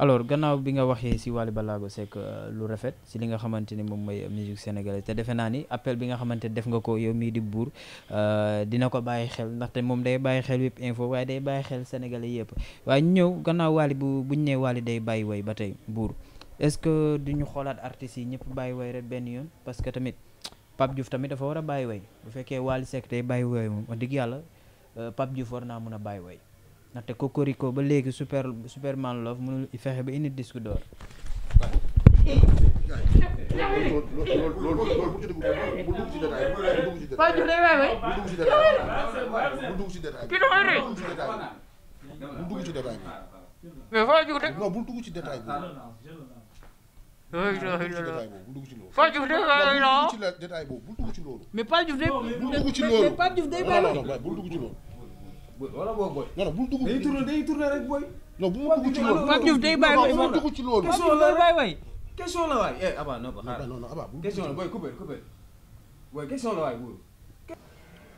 alors gannaaw bi nga waxee si Wally Ballago Seck euh, lu rafet si li nga xamante ni moom mooy euh, musique sénégalaise te defe naa ni appel bi nga xamante def nga ko yow mii di buur euh, dina ko bàyyi xel ndaxte moom day bàyyi xel Web Info waaye day bàyyi xel sénégalais yëpp waaye ñëw gannaaw Wally bu buñ nee Wally day bàyyi woy ba tey buur est-ce que duñu xoolaat artistes yi ñëpp bàyyi woy rek benn yoon parce que tamit Pape Diouf tamit dafa war a bàyyi woy bu fekkee Wally Seck bàyyi woy dëgg yàlla Pape Diouf war naa mun a bàyyi woy ndaxte Cocorico ba léegi super Superman Love mënul fexe ba indi disque d'or. loolu bul dugg ci détail oui loolu la Pape Diouf day bàyyi la mais wala booy booy. non non bul dugg day tourné day tourné rek booy. non bu mu dugg ci loolu Pape Diouf day bàyyi waay bu mu dugg ci loolu. question la waay waay. question la waay eh Aba non xaaral non non Aba question la booy coupé coupé booy question la waay buur.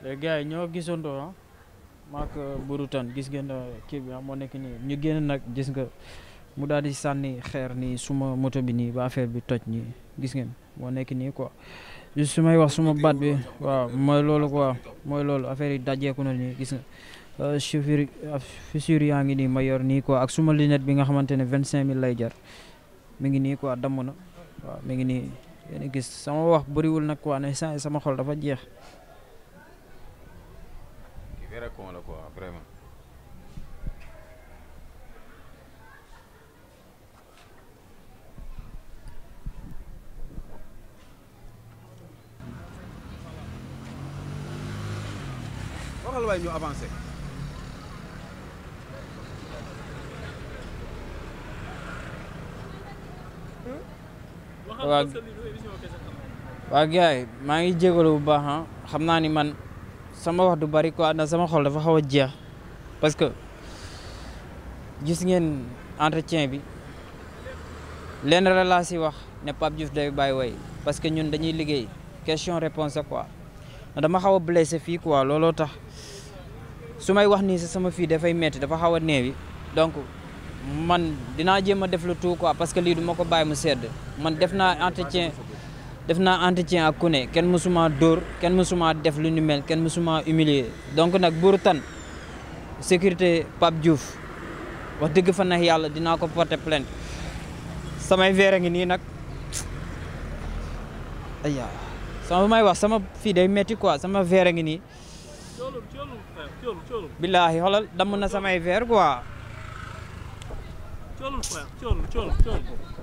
les gars yi ñoo gisandoo ah maak euh, Burutan gis ngeen euh, kii bi ah, moo nekk nii ñu génn nag gis nga mu daal di sànni xeer nii suma moto bi nii ba affaire bi toj nii gis ngeen moo nekk nii quoi. juste su may wax suma baat bi waaw mooy loolu quoi mooy loolu affaire yi dajeeku na nii gis nga. Euh, chauffeur ah, fissure yaa ngi nii ma yor nii quoi ak suma lunette bi nga xamante ne vingt cinq mille lay jar mi ngi nii quoi damm na waaw mi ngi nii yéen gis sama wax bëriwul nag quoi ne saa sama xol dafa jeex. waa waa gars maa ngi jégalu bu baax ah. xam naa ni man sama wax du bari quoi na sama xol dafa xaw a jeex parce que gis ngeen entretien bi lenn la laa si wax ne Pape Diouf day bàyyi woy parce que ñun dañuy liggéey question réponse quoi dama xaw a blessé fii quoi looloo tax su may wax nii sa sama fii dafay metti dafa xaw a néewi donc man dinaa jéem a def le tout quoi parce que lii du ma ko bàyyi mu sedd man def naa entretien def naa entretien ak ne kenn mësuma dóor kenn mësuma def lu ni mel kenn mësuma humilier donc nag buuru tan sécurité Pape Diouf wax dëgg fa neex yàlla dinaa ko porter plainte samay veere ngi nii nag aywa sama may wax sama fii day metti quoi sama veere ngi nii billaahi xolal damm na samay veer quoi Çolun koyalım. Çolun, çolun, çolun.